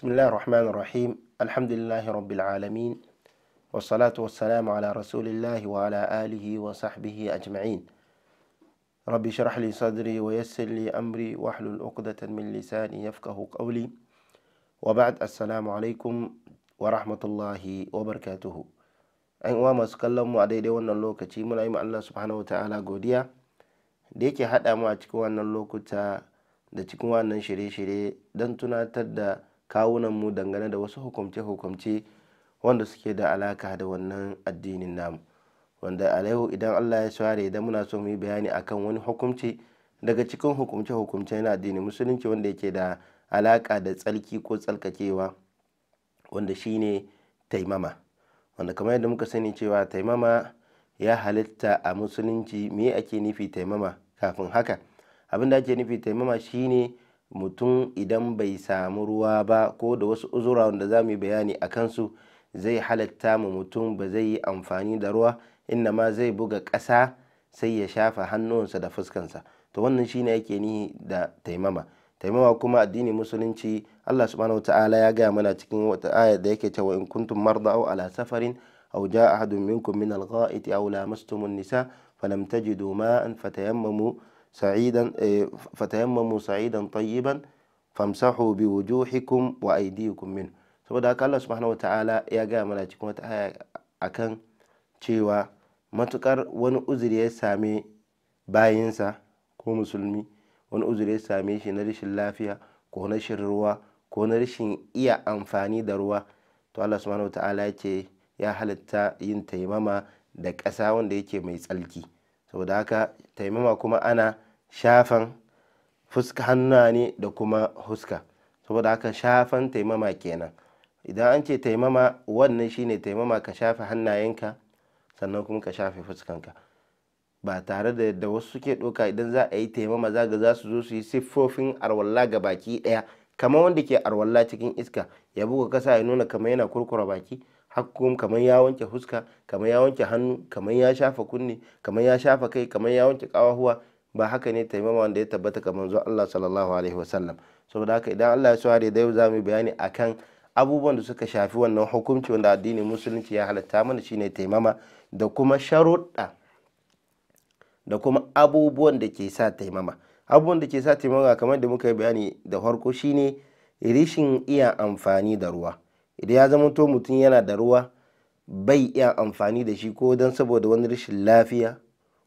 بسم الله الرحمن الرحيم الحمد لله رب العالمين والصلاة والسلام على رسول الله وعلى آله وصحبه أجمعين رب شرح لي صدري ويسر لي أمري وحل الأقدة من لساني يفقه قولي وبعد السلام عليكم ورحمة الله وبركاته أن وما سكلم وعدي دي وانا اللوكة من أيما الله سبحانه وتعالى قوديا ديكي حتى ما أتكوانا اللوكة da cikin شري شري shirye don tunatar kawunanmu dangane da wasu hukumce-hukumce wanda suke da alaka da wannan addinin namu wanda a idan allah ya sware idan muna so mu yi bayani akan wani hukumci daga cikin hukumce-hukumce na addinin musulunci wanda yake da alaka da tsalki ko tsalkakewa wanda shine taimama wanda kamar yadda muka sani cewa taimama ya halitta a musulunci me ake nufi taimama kafin haka abin da ake nufi taimama shine mutum idan bai samu ruwa ba ko da wasu uzura wanda za mu yi bayani a kansu zai halatta mu mutum ba zai yi amfani da ruwa inda ma zai buga ƙasa sai ya shafa hannunsa da fuskansa to wannan shine yake ni da taimama taimama kuma addini musulunci Allah subhanahu wa ta'ala ya gaya mana cikin wata aya da yake cewa in kuntum marda aw ala safarin aw jaa ahadun minkum min al-gha'iti aw lamastum an-nisa falam tajidu ma'an fatayammamu sa'idan fatayammamu sa'idan tayyiban famsahu bi wujuhikum wa saboda haka Allah subhanahu wataala ya gaya mana cikin wata haya akan cewa matukar wani uzuri ya same bayinsa ko musulmi wani uzuri ya same shi na rashin lafiya ko na ruwa ko na rashin iya amfani da ruwa to Allah subhanahu wataala ya ce ya halitta yin taimama da ƙasa wanda yake mai tsalki saboda haka taimama kuma ana shafan fuska hannuwa ne da kuma huska saboda haka shafan taimama kenan idan an ce taimama wannan shine taimama ka shafe hannayenka sannan kuma ka shafe fuskanka ba tare da yadda wasu suke ɗauka idan za a yi taimama za ga za su zo su yi siffofin arwalla ga baki ɗaya kamar wanda ke arwalla cikin iska ya buga kasa ya nuna kamar yana kurkura baki hakkum kamar ya wanke fuska kamar ya wanke hannu kamar ya shafa kunne kamar ya shafa kai kamar ya wanke kawahuwa ba haka ne taimama wanda ya tabbata kamar zuwa Allah sallallahu alaihi wasallam saboda haka idan Allah ya so da yau za mu bayani akan abubuwan da suka shafi wannan hukunci wanda addinin musulunci ya halatta mana shine taimama da kuma sharuɗa da kuma abubuwan da ke sa taimama abubuwan da ke sa taimama kamar da muka yi bayani da farko shine rishin iya amfani da ruwa idan ya zama to mutum yana da ruwa bai iya amfani da shi ko don saboda wani rashin lafiya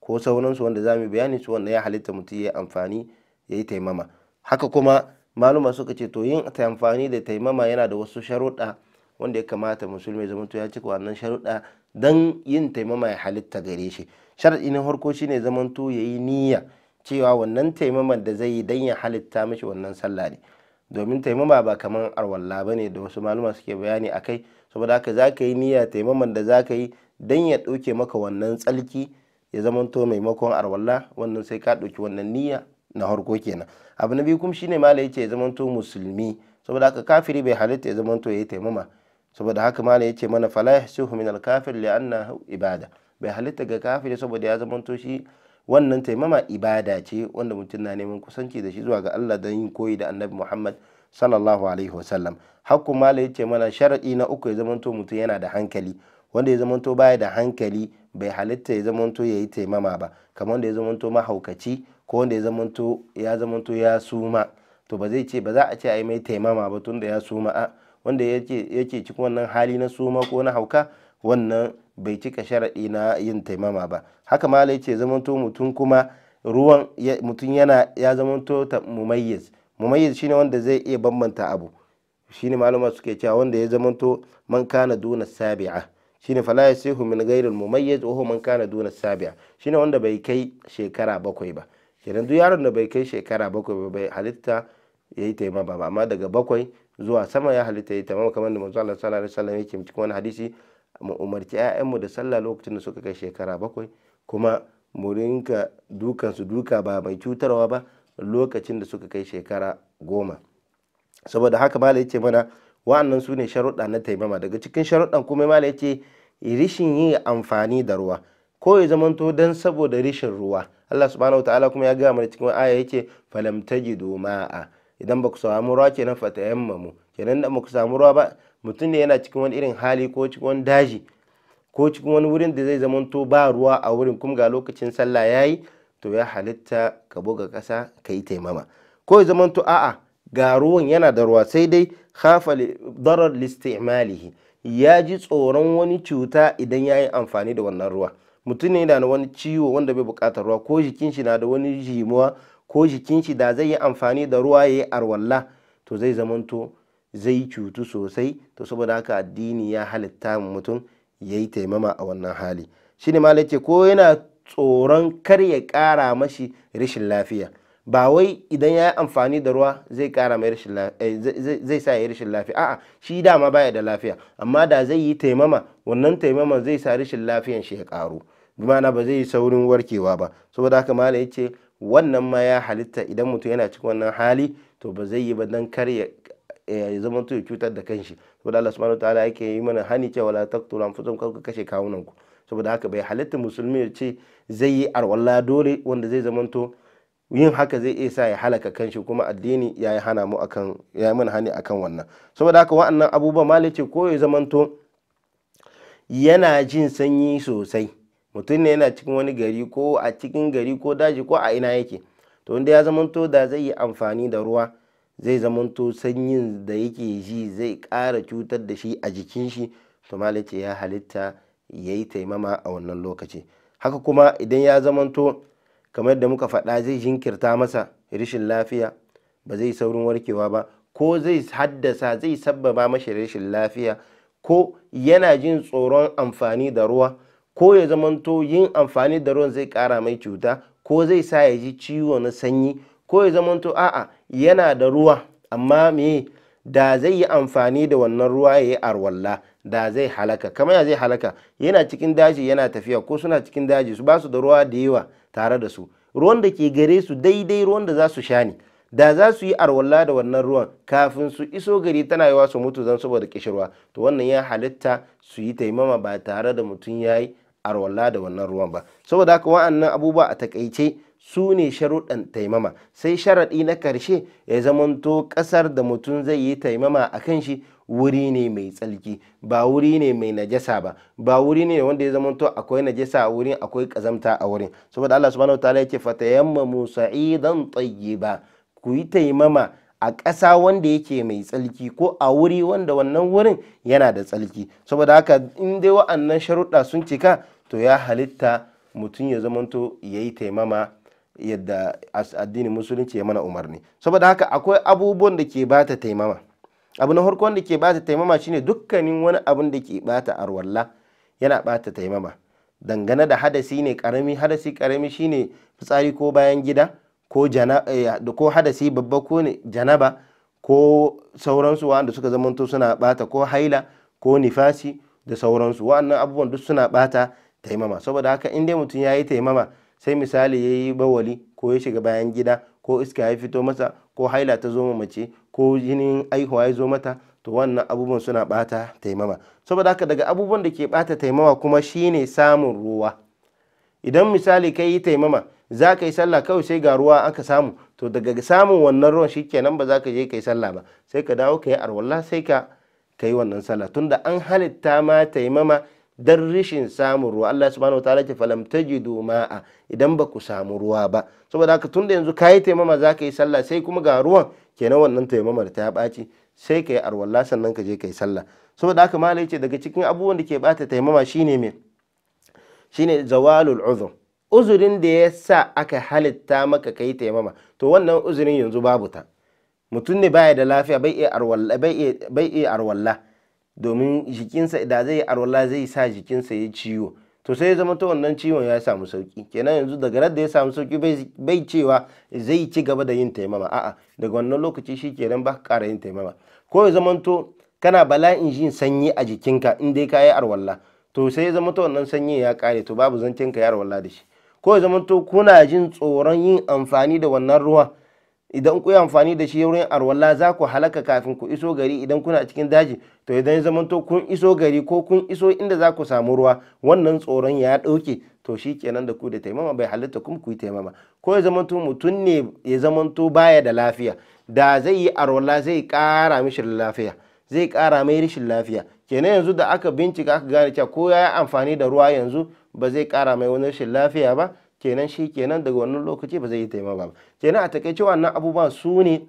ko sauransu wanda za mu bayani su wanda ya halitta mutum ya amfani ya yi taimama haka kuma maluma suka ce to yin amfani da taimama yana da wasu sharuɗa wanda ya kamata musulmi zama to ya cika wannan sharuɗa don yin taimama ya halitta gare shi sharaɗi na farko shine zaman to ya yi niyya cewa wannan taimaman da zai yi don ya halitta mishi wannan sallah ne domin taimama ba kamar arwalla ba ne da wasu maluma suke bayani a kai saboda haka za ka yi niyya taimaman da za ka yi don ya ɗauke maka wannan tsalki ya zamanto maimakon arwalla wannan sai ka ɗauki wannan niyya na harko kenan abu na biyu kuma shine ya yace ya to musulmi saboda haka kafiri bai halitta ya ya yayi taimama saboda haka ya ce mana fala yahsuhu min al-kafir li'annahu ibada bai halitta ga kafiri saboda ya zamanto shi wannan taimama ibada ce wanda mutum na neman kusanci da shi zuwa ga Allah don yin koyi da annabi Muhammad sallallahu alaihi wasallam hakku mala ya ce mana sharaɗi na uku ya zamanto mutum yana da hankali wanda ya zamanto baya da hankali bai halitta ya zamanto ya yi taimama ba kamar wanda ya zamanto mahaukaci ko wanda ya zamanto ya zamanto ya suma to ba zai ce ba za a ce a mai taimama ba tunda ya suma a wanda yake cikin wannan hali na suma ko na hauka wannan bai cika sharaɗi na yin taimama ba haka mala ya ce zamanto mutum kuma ruwan mutum yana ya zamanto ta mumayyiz mumayyiz shine wanda zai iya bambanta abu shine malama suke cewa wanda ya zamanto man kana duna sabi'a shine fala yasihu min ghairil mumayyiz wa man kana duna sabi'a shine wanda bai kai shekara bakwai ba kenan duk yaron da bai kai shekara bakwai ba bai halitta yayi taimama ba amma daga bakwai zuwa sama ya halitta yayi taimama kamar da manzo Allah sallallahu alaihi wasallam yake cikin wani hadisi mu umarci 'ya'yanmu da sallah lokacin da suka kai shekara bakwai kuma mu rinka dukan su duka ba mai cutarwa ba lokacin da suka kai shekara goma saboda haka mala yace mana wa'annan su ne sharuɗa na taimama daga cikin sharuɗan kuma mala yace rishin yi amfani da ruwa ko ya zamanto dan saboda rishin ruwa Allah subhanahu wataala kuma ya gaya mana cikin aya yace falam tajidu ma'a idan ba ku samu ruwa kenan fatayammamu kenan da ba samu ruwa ba mutum ne yana cikin wani irin hali ko cikin wani daji ko cikin wani wurin da zai zamanto ba ruwa a wurin kuma ga lokacin sallah yayi to ya halitta ka buga kasa ka yi taimama ko ya zamanto a'a ga ruwan yana da ruwa sai dai khafa darar listimalihi ya ji tsoron wani cuta idan ya yi amfani da wannan ruwa mutum ne na wani ciwo wanda bai buƙatar ruwa ko jikin shi na da wani jimuwa ko jikin shi da zai yi amfani da ruwa ya yi arwalla to zai zamanto zai cutu sosai to saboda haka addini ya halitta mutum ya yi taimama a wannan hali shi ne malai ko yana tsoron kar ya kara mashi rashin lafiya ba wai idan ya yi amfani da ruwa zai kara mai rashin eh, zai sa ya yi rashin lafiya a'a shi dama baya da lafiya amma da zai yi taimama wannan taimama zai sa rashin lafiyan shi ya karu bimana ba zai yi saurin warkewa ba saboda haka malai ce wannan ma ya halitta idan mutum yana cikin wannan hali to ba zai yi ba dan kar ya Eh, ya zama ya cutar da kanshi saboda Allah subhanahu wataala yake yi mana hani cewa la taqtulu anfusakum kar ka kashe kawunan ku saboda haka bai halatta musulmi ya ce zai yi arwala dole wanda zai zama yin haka zai iya sa ya halaka kanshi kuma addini ya yi hana mu akan ya yi mana hani akan wannan saboda haka wa'annan abubuwa malai ce ko ya zama yana jin sanyi sosai mutum ne yana cikin wani gari ko a cikin gari ko daji ko a ina yake to wanda ya zama da zai yi amfani da ruwa zai zamanto sanyin da yake ji zai ƙara cutar da shi a jikin shi to ce ya halitta ya yi taimama a wannan lokaci haka kuma idan ya zamanto kamar da muka faɗa zai jinkirta masa rashin lafiya ba zai saurin warkewa ba ko zai haddasa zai sabbaba mashi rashin lafiya ko yana jin tsoron amfani da ruwa ko ya zamanto yin amfani da ruwan zai ƙara mai cuta ko zai sa ya ji ciwo na sanyi ko ya zamanto a'a yana da ruwa amma me da zai yi amfani da wannan ruwa ya yi arwalla da zai halaka kamar ya zai halaka yana cikin daji yana tafiya ko suna cikin daji su basu da ruwa da yawa tare da su ruwan da ke gare su daidai ruwan da za su sha ne da za su yi arwalla da wannan ruwan kafin su iso gari tana yawa su mutu zan saboda kishirwa to wannan ya halitta su yi taimama ba tare da mutum ya yi arwalla da wannan ruwan ba saboda haka wa'annan abubuwa a takaice su ne sharuɗan taimama sai sharaɗi na ƙarshe ya zamanto ƙasar da mutum zai yi taimama a kan shi wuri ne mai tsalki ba wuri ne mai najasa ba ba wuri ne wanda ya zamanto akwai najasa a wurin akwai ƙazamta a wurin saboda Allah subhanahu yamma yake fatayammamu sa'idan tayyiba ku yi taimama a ƙasa wanda yake mai tsalki ko a wuri wanda wannan wurin yana da tsalki saboda haka in dai wa'annan sharuɗa sun cika to ya halitta mutum ya zamanto ya yi taimama yadda addinin musulunci ya mana umarni saboda haka akwai abubuwan da ke bata taimama abu na farko wanda ke bata taimama shine dukkanin wani abun da ke bata arwalla yana bata taimama dangane da hadasi ne karami hadasi karami shine fitsari ko bayan gida ko eh, ko hadasi babba ko ne janaba ko sauransu wanda suka zamanto suna bata ko haila ko nifasi da sauransu wa'annan abubuwan duk suna bata taimama saboda haka in dai mutum ya yi taimama sai misali ya yi bawali ko ya shiga bayan gida ko iska ya fito masa ko haila ta zo mace ko jinin aihuwa ya zo mata to wannan abubuwan suna bata taimama saboda haka daga abubuwan da ke bata taimama kuma shine samun ruwa idan misali ka yi taimama za ka yi sallah kawai sai ga ruwa aka samu to daga samun wannan ruwan shikenan ba za ka je ka yi sallah ba sai ka dawo ka yi arwalla sai ka ka wannan sallah tunda an halitta ma taimama dan rishin samun ruwa Allah subhanahu wataala ce falam tajidu ma'a idan ba ku samu ruwa ba saboda haka tunda yanzu kayi taimama za ka yi sallah sai kuma ga ruwan kenan wannan taimamar ta ɓaci sai ka yi arwalla sannan ka je ka yi sallah saboda haka malai ce daga cikin abubuwan da ke bata taimama shine me shine zawalul uzur uzurin da ya sa aka halitta maka kai taimama to wannan uzurin yanzu babu ta mutum ne baya da lafiya bai iya arwalla domin jikinsa da zai arwala zai sa jikinsa ya ciwo to sai zama to wannan ciwon ya samu sauki kenan yanzu daga da ya samu sauki bai cewa zai ci gaba da yin taimama a'a daga wannan lokaci shi kenan ba ƙara yin taimama ko ya zama to kana bala'in jin sanyi a jikinka in dai ka yi arwala to sai ya zama ta wannan sanyi ya ƙare to babu zancen ka yi arwalla da shi ko ya zama to kuna jin tsoron yin amfani da wannan ruwan idan ku yi amfani da shi wurin arwala za ku halaka kafin ku iso gari idan kuna cikin daji to idan ya zamanto kun iso gari ko kun iso inda za ku samu ruwa wannan tsoron ya ɗauke to shi kenan da ku da taimama bai halitta kuma ku yi taimama ko ya zamanto mutum ne ya zamanto baya da lafiya da zai yi arwalla zai ƙara mishi lafiya zai kara mai rashin lafiya kenan yanzu da aka bincika aka gane cewa ko ya yi amfani da ruwa yanzu ba zai kara mai wani rashin lafiya ba kenan shi kenan daga wannan lokaci ba zai yi taimama ba kenan a takaice wannan abubuwa su ne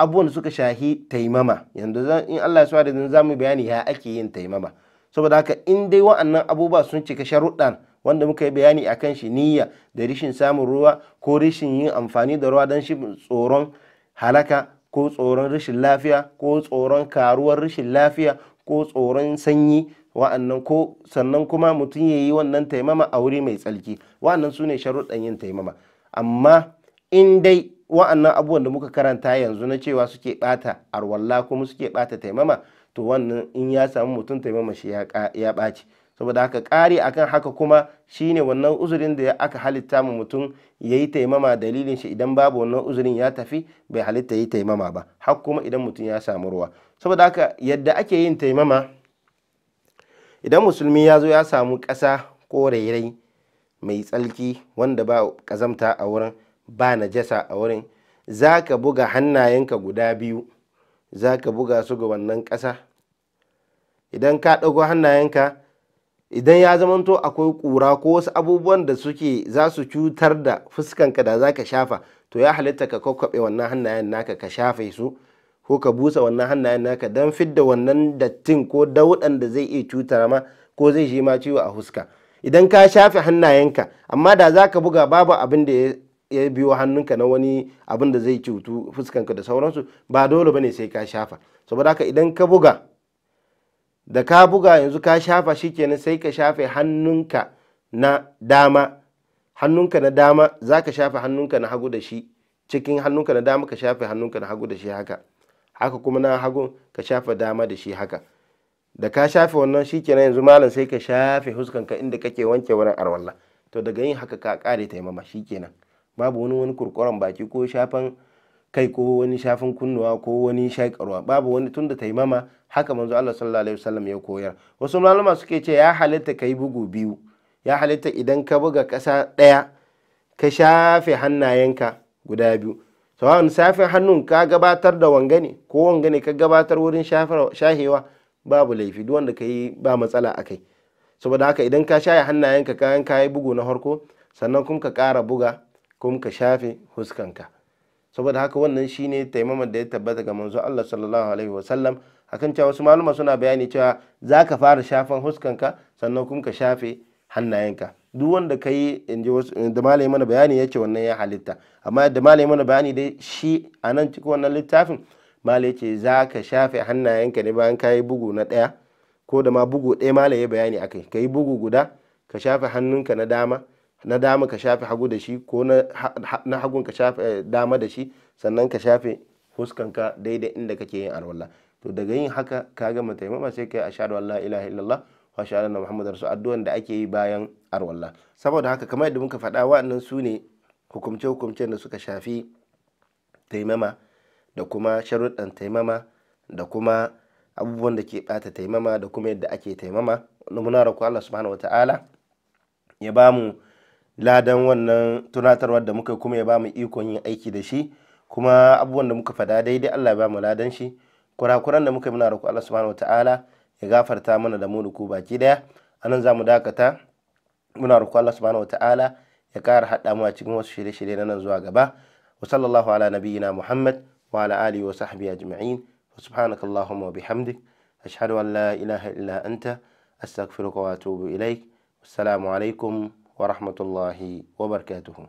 abubuwan da suka shahi taimama yanzu in Allah ya so da za mu bayani ya ake yin taimama saboda haka in dai wa'annan abubuwa sun cika sharuɗan wanda muka yi bayani a kan shi niyya da rishin samun ruwa ko rishin yin amfani da ruwa don shi tsoron halaka ko tsoron rashin lafiya ko tsoron karuwar rashin lafiya ko tsoron sanyi wa'annan ko sannan kuma mutum ya yi wannan taimama a wuri mai tsarki wa'annan su ne sharuɗan yin taimama amma in dai wa'annan abubuwan da muka karanta yanzu na cewa suke ɓata arwalla kuma suke ɓata taimama to wannan in ya samu mutum taimama shi ya ɓaci saboda haka ƙari akan haka kuma shine wannan uzurin da aka halitta ma mutum ya yi taimama dalilin shi idan babu wannan uzurin ya tafi bai halitta yi taimama ba har kuma idan mutum ya samu ruwa saboda haka yadda ake yin taimama idan musulmi ya zo ya samu ƙasa ko rairai mai tsalki wanda ba ƙazamta a wurin ba najasa a wurin za ka buga hannayenka guda biyu za ka buga su ga wannan ƙasa idan ka ɗago hannayenka idan ya zamanto akwai ƙura ko wasu abubuwan da suke za su cutar da fuskanka da za ka shafa to ya halitta ka kwakwaɓe wannan hannayen naka ka shafe su ko ka busa wannan hannayen naka don fidda wannan dattin ko dauɗan da zai iya cutar ma ko zai shi ma ciwo a huska idan ka shafe hannayenka amma da za ka buga babu abin da ya biyo hannunka na wani abin da zai cutu fuskanka da sauransu ba dole bane sai ka shafa saboda haka idan ka buga da ka buga yanzu ka shafa shi shikenan sai ka shafe hannunka na dama hannunka na dama za ka shafe hannunka na hagu da shi cikin hannunka na dama ka shafe hannunka na hagu da shi haka haka kuma na hagu ka shafa dama da shi haka da ka shafe wannan shikenan yanzu malam sai ka shafe huskanka inda kake wanke wurin arwalla to daga yin haka ka kare taimama shikenan babu wani wani kurkuren baki ko shafan kai ko wani shafin kunnuwa ko wani shaƙarwa babu wani tunda taimama haka manzo Allah sallallahu alaihi wasallam ya koyar wasu malama suke ce ya halitta kai bugu biyu ya halitta idan ka buga ƙasa ɗaya ka shafe hannayenka guda biyu sawa'un safin hannun ka gabatar da wangane ko wangane ka gabatar wurin shahewa babu laifi duk wanda ka yi ba matsala a kai saboda haka idan ka shaye ka kayan ka yi bugu na harko sannan kuma ka ƙara buga kuma ka shafe huskanka saboda haka wannan shine taimamar da ya tabbata ga manzo Allah sallallahu alaihi wa sallam akan cewa wasu maluma suna bayani cewa zaka fara shafan huskanka sannan kuma ka shafe hannayenka duk wanda ka yi da malami mana bayani ya ce wannan ya halitta amma da malami mana bayani dai shi a nan cikin wannan littafin malai ce za ka shafe hannayenka ne bayan ka yi bugu na ɗaya ko da ma bugu ɗaya malai ya bayani kai ka yi bugu guda ka shafe hannunka na dama na dama ka shafe hagu da shi ko na hagun ka shafe eh, dama da shi sannan ka shafe fuskanka daidai inda kake yin alwala to daga yin haka ka gama taimama sai ka yi an allah ilaha illallah wa ashhadu anna muhammadu rasul addu'an da ake yi bayan arwallah saboda haka kamar yadda muka faɗa waɗannan su ne hukumce-hukumcen da suka shafi taimama da kuma sharuɗan taimama da kuma abubuwan da ke ɓata taimama da kuma yadda ake taimama muna roƙo Allah subhanahu wata'ala ya ba mu ladan wannan tunatarwar da muka kuma ya ba mu ikon yin aiki da shi kuma abubuwan da muka faɗa daidai Allah ya ba mu ladan shi kurakuran da muka yi muna roƙo Allah subhanahu wata'ala ya gafarta mana da mu da ku baki daya anan za mu dakata muna roƙo Allah subhanahu wataala ya ƙara haɗa mu a cikin wasu shirye-shirye na nan zuwa gaba wa sallallahu ala nabiyyina Muhammad wa ala alihi wa sahbihi ajma'in wa subhanaka allahumma wa bihamdik ashhadu an la ilaha illa anta astaghfiruka wa atubu ilaik assalamu alaikum wa rahmatullahi wa barakatuhu